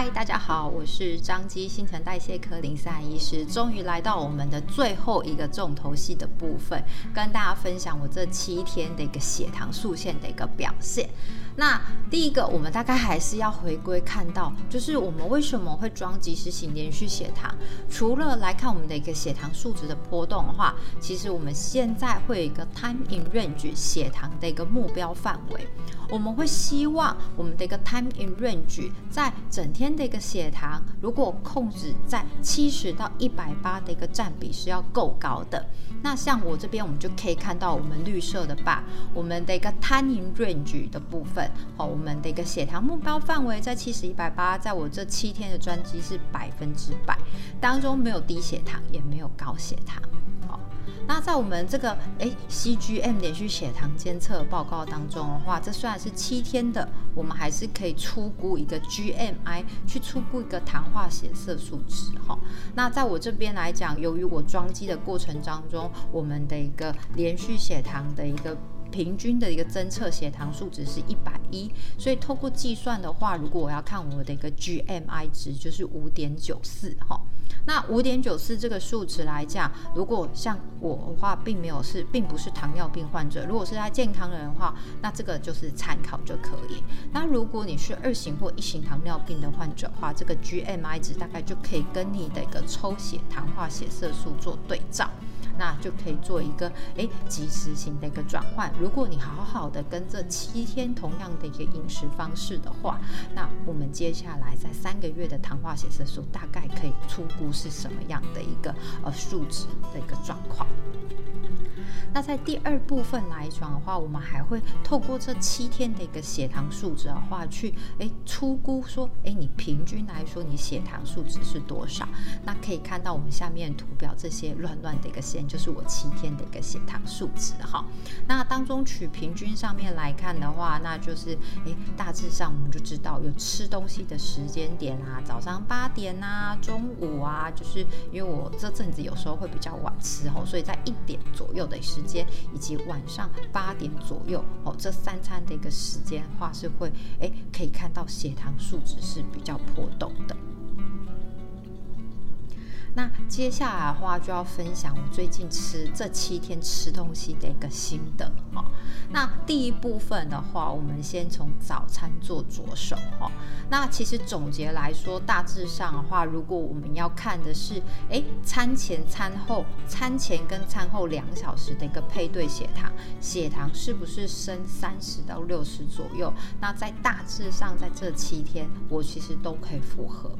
嗨，Hi, 大家好，我是彰基新陳代謝科林思涵醫師，終於來到我們的最後一個重頭戲的部分，跟大家分享我這七天的一個血糖曲線的一個表現。那第一個，我們大概還是要回歸看到，就是我們為什麼會裝即時型連續血糖，除了來看我們的一個血糖數值的波動的話，其實我們現在會有一個 time in range 血糖的一個目標範圍，我們會希望我們的一個 time in range 在整天的一個血糖如果控制在七十到一百八的一個占比是要夠高的。那像我這邊，我們就可以看到我們綠色的 bar，我們的一個 time in range 的部分。好、哦，我們的一個血糖目標範圍在七十一百八，在我這七天的專機是百分之百，當中沒有低血糖，也沒有高血糖。哦，那在我們這個誒 CGM 連續血糖監測報告當中的話，這雖然是七天的，我們還是可以初估一個 GMI 去初估一個糖化血色素值。哈、哦，那在我這邊來講，由於我裝機的過程當中，我們的一個連續血糖的一個。平均的一個偵測血糖數值是一百一，所以透過計算的話，如果我要看我的一個 GMI 值，就是五點九四哈。那五點九四這個數值來講，如果像我的話，並沒有是，並不是糖尿病患者。如果是在健康的人的話，那這個就是參考就可以。那如果你是二型或一型糖尿病的患者的話，這個 GMI 值大概就可以跟你的一個抽血糖化血色素做對照。那就可以做一個哎即時型的一個轉換。如果你好好的跟這七天同樣的一個飲食方式的話，那我們接下來在三個月的糖化血色素大概可以初估是什麼樣的一個呃數值的一個狀況。那在第二部分來講的話，我們還會透過這七天的一個血糖數值的話，去哎初估說哎你平均來說你血糖數值是多少？那可以看到我們下面圖表這些亂亂的一個線。就是我七天的一個血糖數值哈，那當中取平均上面來看的話，那就是誒，大致上我們就知道有吃東西的時間點啊，早上八點吶、啊，中午啊，就是因為我這陣子有時候會比較晚吃哦，所以在一點左右的時間以及晚上八點左右哦，這三餐的一個時間的話是會誒，可以看到血糖數值是比較波動的。那接下來的話就要分享我最近吃這七天吃東西的一個心得哦，那第一部分的話，我們先從早餐做着手哦，那其實總結來說，大致上的話，如果我們要看的是，哎，餐前、餐後、餐前跟餐後兩小時的一個配對血糖，血糖是不是升三十到六十左右？那在大致上，在這七天，我其實都可以符合。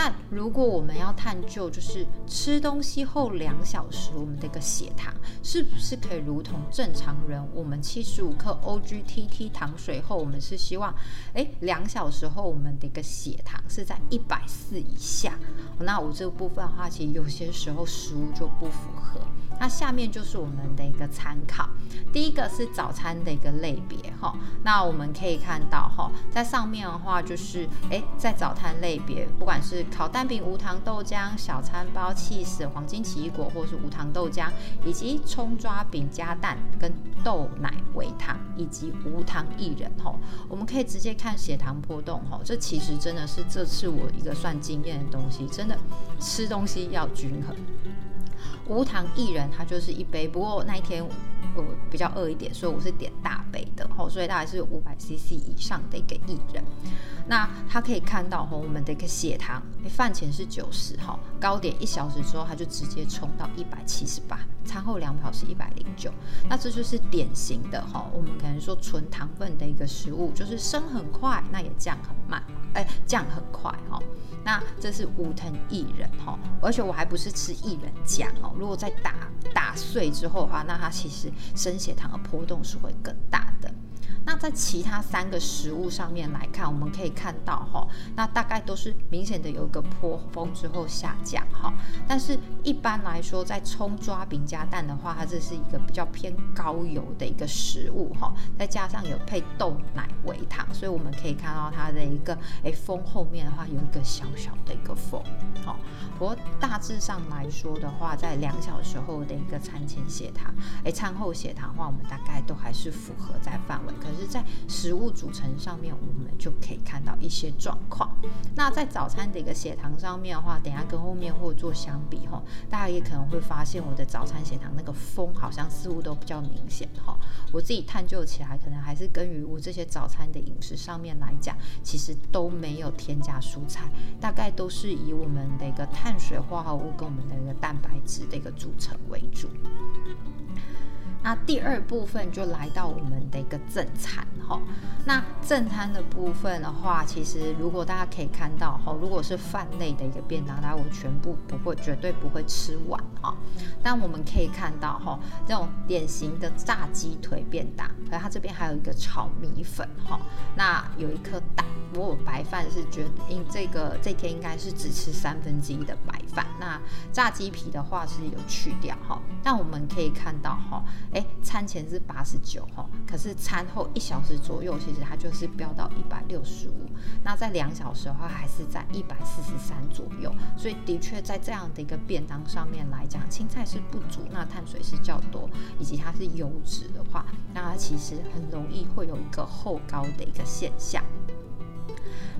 但如果我們要探究，就是吃東西後兩小時我們的一個血糖是不是可以如同正常人，我們七十五克 OGTT 糖水後，我們是希望，誒，兩小時後我們的一個血糖是在一百四以下。那我這個部分的話，其實有些時候食物就不符合。那下面就是我們的一個參考，第一個是早餐的一個類別吼，那我們可以看到哈，在上面的話就是，誒，在早餐類別，不管是烤蛋餅、無糖豆漿、小餐包、起司、黃金奇異果，或是無糖豆漿，以及蔥抓餅加蛋跟豆奶微糖，以及無糖薏仁吼，我們可以直接看血糖波動吼，這其實真的是這次我一個算經驗的東西，真的吃東西要均衡。無糖薏仁，它就是一杯。不過那一天我，我比較餓一點，所以我是點大杯的吼，所以大概是有五百 CC 以上的一個薏仁。那他可以看到我們的一個血糖，飯前是九十哈，高點一小時之後，它就直接衝到一百七十八，餐後兩秒是一百零九。那這就是典型的哈，我們可能說純糖分的一個食物，就是升很快，那也降很慢。哎，降很快哈、哦。那這是無糖薏仁哈，而且我還不是吃薏仁漿哦。如果在打打碎之後的話，那它其實升血糖的波動是會更大的。那在其他三個食物上面來看，我們可以看到哈、哦，那大概都是明顯的有一個波峰之後下降哈、哦。但是一般來說，在蔥抓餅加蛋的話，它這是一個比較偏高油的一個食物哈、哦，再加上有配豆奶微糖，所以我們可以看到它的一個。誒，峰後面的話有一個小小的一個峰哦。不過大致上來說的話，在兩小時後的一個餐前血糖，誒，餐後血糖的話，我們大概都還是符合在範圍。可是，在食物組成上面，我們就可以看到一些狀況。那在早餐的一個血糖上面的話，等下跟後面或者做相比，哈、哦，大家也可能會發現我的早餐血糖那個峰好像似乎都比較明顯，哈、哦。我自己探究起來，可能還是跟於我這些早餐的飲食上面來講，其實都。沒有添加蔬菜，大概都是以我們的一個碳水化合物跟我們的一個蛋白質的一個組成為主。那第二部分就來到我們的一個正餐哈。那正餐的部分的話，其實如果大家可以看到哈，如果是飯類的一個便當，那我全部不會，絕對不會吃完哈。但我們可以看到哈，這種典型的炸雞腿便當，而它這邊還有一個炒米粉哈。那有一顆蛋，我白飯是覺得應這個這天應該是只吃三分之一的白飯。那炸雞皮的話是有去掉哈，但我們可以看到哈。餐前是八十九吼，可是餐後一小時左右，其實它就是飆到一百六十五。那在兩小時的話，還是在一百四十三左右。所以的確，在這樣的一個便當上面來講，青菜是不足，那碳水是較多，以及它是油脂的話，那它其實很容易會有一個後高的一個現象。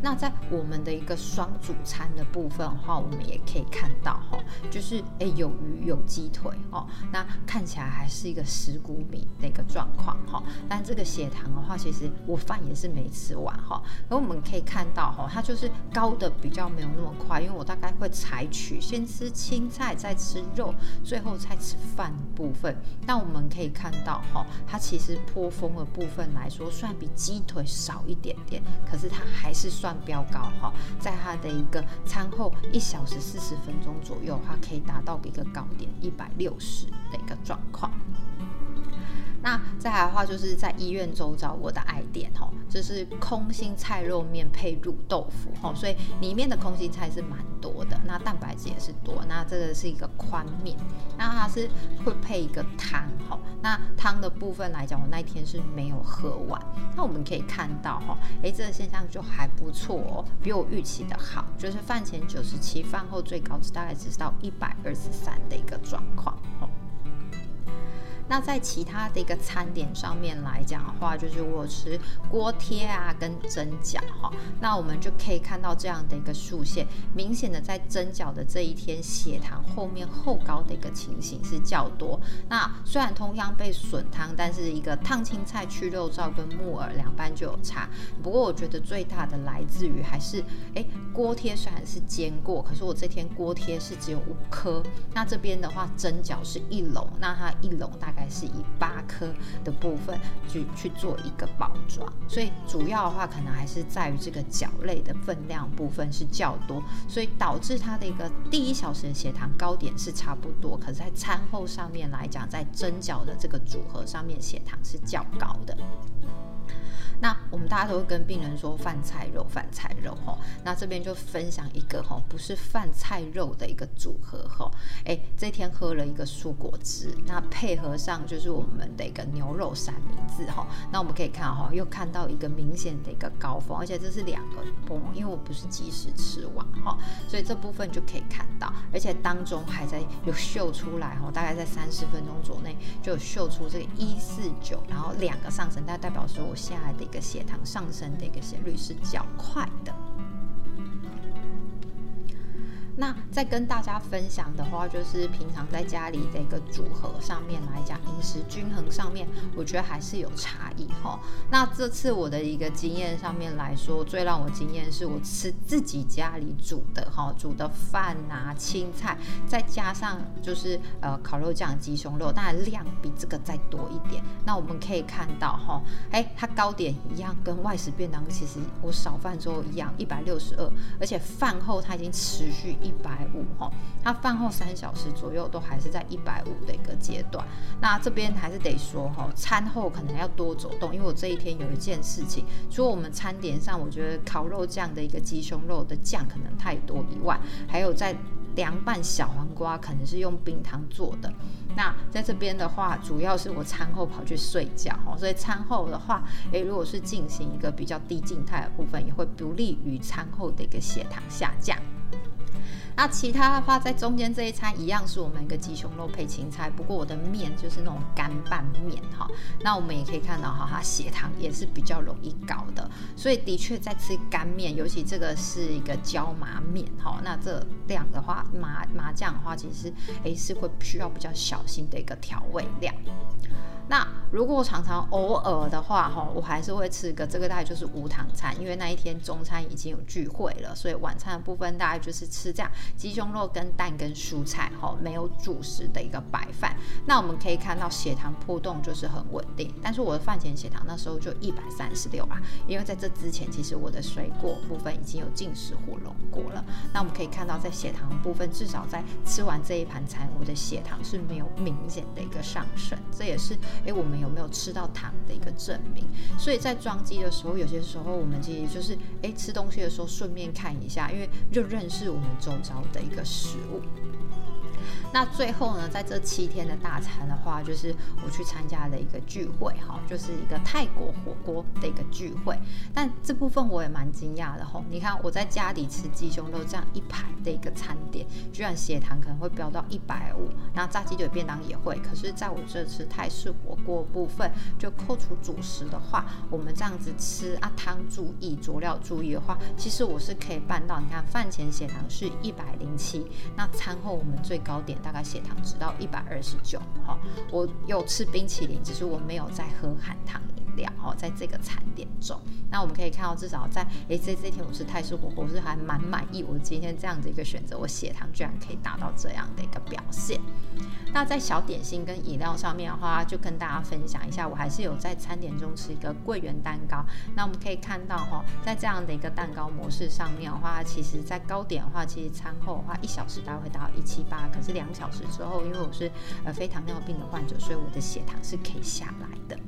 那在我們的一個雙主餐的部分的話，我們也可以看到哈、哦，就是誒、欸、有魚有雞腿哦，那看起來還是一個十谷米的一個狀況哈。但這個血糖的話，其實我飯也是沒吃完哈、哦。而我們可以看到哈、哦，它就是高得比較沒有那麼快，因為我大概會採取先吃青菜，再吃肉，最後再吃飯的部分。但我們可以看到哈、哦，它其實頗豐的部分來說，雖然比雞腿少一點點，可是它還是算飆高哈，在它的一個餐後一小時四十分鐘左右，它可以達到一個高點一百六十的一個狀況。那再來的話，就是在醫院周遭我的愛點吼、哦，就是空心菜肉麵配滷豆腐吼、哦，所以裡面的空心菜是蠻多的，那蛋白質也是多。那這個是一個寬麵，那它是會配一個湯吼、哦。那湯的部分來講，我那一天是沒有喝完。那我們可以看到吼、哦，哎，這個現象就還不錯哦，比我預期的好，就是飯前九十七，飯後最高值大概只到一百二十三的一個狀況。哦那在其他的一個餐點上面來講的話，就是我吃鍋貼啊跟蒸餃哈，那我們就可以看到這樣的一個豎線，明顯的在蒸餃的這一天，血糖後面後高的一個情形是較多。那雖然同樣被筍湯，但是一個燙青菜去肉燥跟木耳兩半就有差。不過我覺得最大的來自於還是，哎鍋貼雖然是煎過，可是我這天鍋貼是只有五顆，那這邊的話蒸餃是一籠，那它一籠大概，還是以八顆的部分去去做一個包裝，所以主要的話可能還是在於這個餃類的分量的部分是較多，所以導致它的一個第一小時的血糖高點是差不多，可是，在餐後上面來講，在蒸餃的這個組合上面，血糖是較高的。那我們大家都會跟病人說飯菜肉、飯菜肉吼，那這邊就分享一個吼，不是飯菜肉的一個組合吼。哎，這天喝了一個蔬果汁，那配合上就是我們的一個牛肉三明治吼。那我們可以看哈，又看到一個明顯的一個高峰，而且這是兩個峰，因為我不是及時吃完哈，所以這部分就可以看到，而且當中還在有秀出來吼，大概在三十分鐘左右就有秀出這個一四九，然後兩個上升，但代表說我現在的，一個血糖上升的一個斜率是較快的。那再跟大家分享的話，就是平常在家裡的一個組合上面來講，飲食均衡上面，我覺得還是有差異哈、哦。那這次我的一個經驗上面來說，最讓我驚艷是我吃自己家裡煮的哈、哦，煮的飯啊、青菜，再加上就是呃烤肉醬、雞胸肉，當然量比這個再多一點。那我們可以看到哈，哎、哦，它高點一樣，跟外食便當其實我少飯之後一樣，一百六十二，而且飯後它已經持續。一百五哈，它、哦、飯後三小時左右都還是在一百五的一個階段。那這邊還是得說哈、哦，餐後可能要多走動。因為我這一天有一件事情，除了我們餐點上我覺得烤肉醬的一個雞胸肉的醬可能太多以外，還有在涼拌小黃瓜可能是用冰糖做的。那在這邊的話，主要是我餐後跑去睡覺哈、哦，所以餐後的話，誒，如果是進行一個比較低靜態的部分，也會不利於餐後的一個血糖下降。那其他的話，在中間這一餐一樣是我們一個雞胸肉配芹菜，不過我的麵就是那種乾拌麵哈。那我們也可以看到哈，它血糖也是比較容易高的，所以的確在吃乾麵，尤其這個是一個椒麻麵哈。那這量的話，麻麻醬的話，其實哎是會需要比較小心的一個調味料。那如果我常常偶爾的話哈，我還是會吃個這個，大概就是無糖餐，因為那一天中餐已經有聚會了，所以晚餐的部分大概就是吃這樣。雞胸肉跟蛋跟蔬菜哈、哦，沒有主食的一個白飯。那我們可以看到血糖波動就是很穩定。但是我的飯前血糖那時候就一百三十六啊，因為在這之前其實我的水果部分已經有進食火龍果了。那我們可以看到在血糖部分，至少在吃完這一盤菜，我的血糖是沒有明顯的一個上升。這也是誒我們有沒有吃到糖的一個證明。所以在裝機的時候，有些時候我們其實就是誒吃東西的時候順便看一下，因為就認識我們周遭的一個食物。那最後呢，在這七天的大餐的話，就是我去參加了一個聚會，哈，就是一個泰國火鍋的一個聚會。但這部分我也蠻驚訝的，吼，你看我在家裡吃雞胸肉這樣一排的一個餐點，居然血糖可能會飆到一百五，那炸雞腿便當也會。可是，在我這次泰式火鍋部分，就扣除主食的話，我們這樣子吃啊，湯注意，佐料注意的話，其實我是可以辦到。你看，飯前血糖是一百零七，那餐後我們最高，點大概血糖值到一百二十九，哦，我有吃冰淇淋，只是我沒有再喝含糖。哦，在這個餐點中，那我們可以看到，至少在誒這這一天我是泰式火鍋，我吃泰式火鍋是還蠻滿意。我今天這樣的一個選擇，我血糖居然可以達到這樣的一個表現。那在小點心跟飲料上面的話，就跟大家分享一下，我還是有在餐點中吃一個桂圓蛋糕。那我們可以看到哦、喔，在這樣的一個蛋糕模式上面的話，其實在糕點的話，其實餐後的話一小時大概會達到一七八，18, 可是兩小時之後，因為我是呃非糖尿病的患者，所以我的血糖是可以下來的。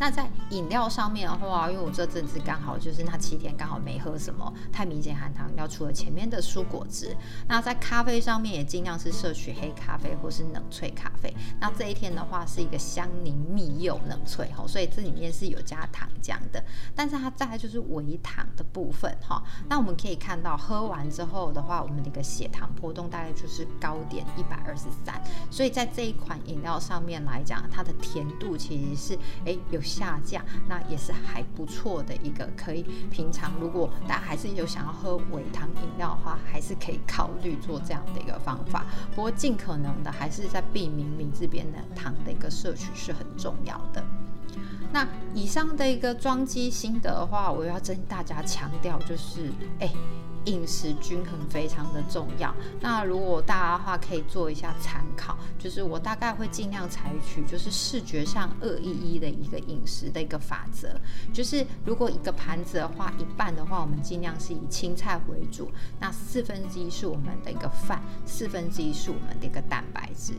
那在飲料上面的話，因為我這陣子剛好就是那七天剛好沒喝什麼，太明顯含糖，要除了前面的蔬果汁。那在咖啡上面也盡量是攝取黑咖啡或是冷萃咖啡。那這一天的話是一個香檸蜜柚冷萃哈，所以這裡面是有加糖漿的，但是它再來就是微糖的部分哈。那我們可以看到喝完之後的話，我們的一個血糖波動大概就是高點一百二十三，所以在這一款飲料上面來講，它的甜度其實是哎有。誒下降，那也是還不錯的一個。可以平常如果大家還是有想要喝微糖飲料的話，還是可以考慮做這樣的一個方法。不過盡可能的還是在避免名這邊的糖的一個攝取是很重要的。那以上的一個裝機心得的話，我要跟大家強調就是，哎。飲食均衡非常的重要。那如果大家的話可以做一下參考，就是我大概會盡量採取就是視覺上二一一的一個飲食的一個法則，就是如果一個盤子的話，一半的話，我們盡量是以青菜為主，那四分之一是我們的一個飯，四分之一是我們的一個蛋白質。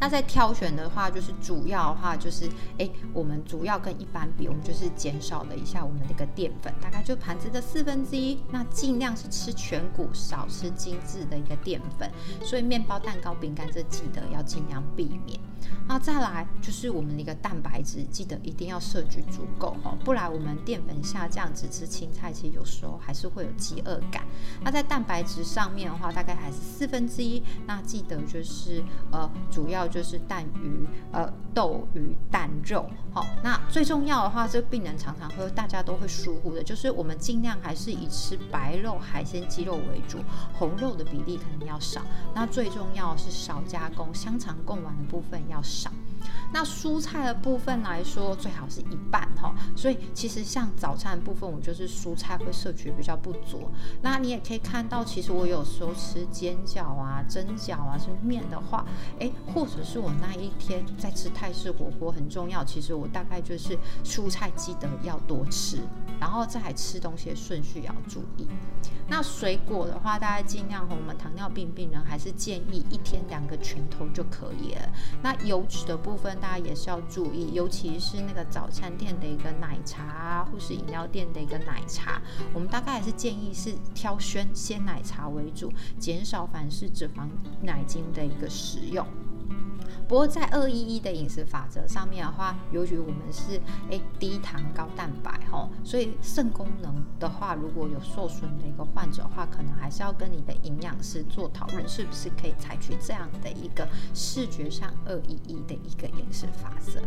那在挑選的話，就是主要的話就是，哎、欸，我們主要跟一般比，我們就是減少了一下我們的一個澱粉，大概就盤子的四分之一。那盡量是吃全穀，少吃精致的一個澱粉，所以麵包、蛋糕、餅乾這記得要盡量避免。那再來就是我們的一個蛋白質，記得一定要攝取足夠哦，不然我們澱粉下降，只吃青菜，其實有時候還是會有飢餓感。那在蛋白質上面的話，大概還是四分之一。那記得就是，呃，主要。要就是蛋魚、呃，豆魚、蛋肉，好、哦，那最重要的話，這個病人常常會，大家都會疏忽的，就是我們盡量還是以吃白肉、海鮮、雞肉為主，紅肉的比例可能要少。那最重要的是少加工，香腸、貢丸的部分要少。那蔬菜的部分來說，最好是一半哈、哦。所以其實像早餐的部分，我就是蔬菜會攝取比較不足。那你也可以看到，其實我有時候吃煎餃啊、蒸餃啊，是麵的話，哎，或者是我那一天在吃泰式火鍋，很重要。其實我大概就是蔬菜記得要多吃。然後再來吃東西的順序也要注意，那水果的話，大家盡量和我們糖尿病病人還是建議一天兩個拳頭就可以了。那油脂的部分，大家也是要注意，尤其是那個早餐店的一個奶茶啊，或是飲料店的一個奶茶，我們大概還是建議是挑鮮鮮奶茶為主，減少反式脂肪奶精的一個食用。不過在二一一的飲食法則上面的話，由於我們是誒低糖高蛋白吼、哦，所以腎功能的話，如果有受損的一個患者的話，可能還是要跟你的營養師做討論，是不是可以採取這樣的一個視覺上二一一的一個飲食法則。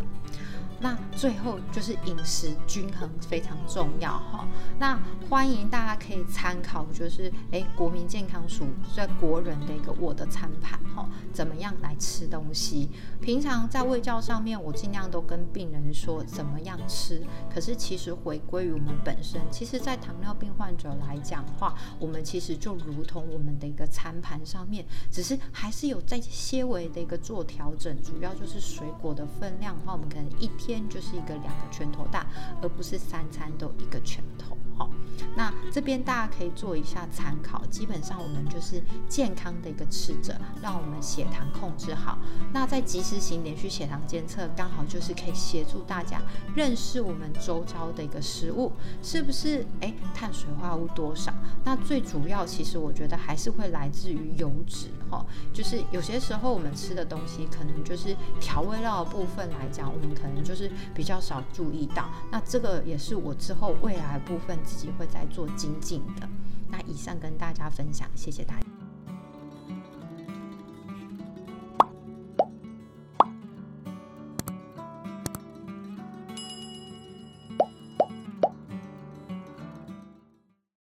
那最後就是飲食均衡非常重要哈。那歡迎大家可以參考，就是哎，國民健康署在國人的一個我的餐盤哈，怎麼樣來吃東西？平常在衛教上面，我盡量都跟病人說怎麼樣吃。可是其實回歸於我們本身，其實在糖尿病患者來講的話，我們其實就如同我們的一個餐盤上面，只是還是有在些微的一個做調整，主要就是水果的分量的話，我們可能一天。天就是一個兩個拳頭大，而不是三餐都一個拳頭哈、哦。那這邊大家可以做一下參考，基本上我們就是健康的一個吃者，讓我們血糖控制好。那在即時型連續血糖監測，剛好就是可以協助大家認識我們周遭的一個食物是不是？誒，碳水化物多少？那最主要其實我覺得還是會來自於油脂哈、哦，就是有些時候我們吃的東西，可能就是調味料的部分來講，我們可能就是。就是比較少注意到，那這個也是我之後未來部分自己會再做精進的。那以上跟大家分享，謝謝大家。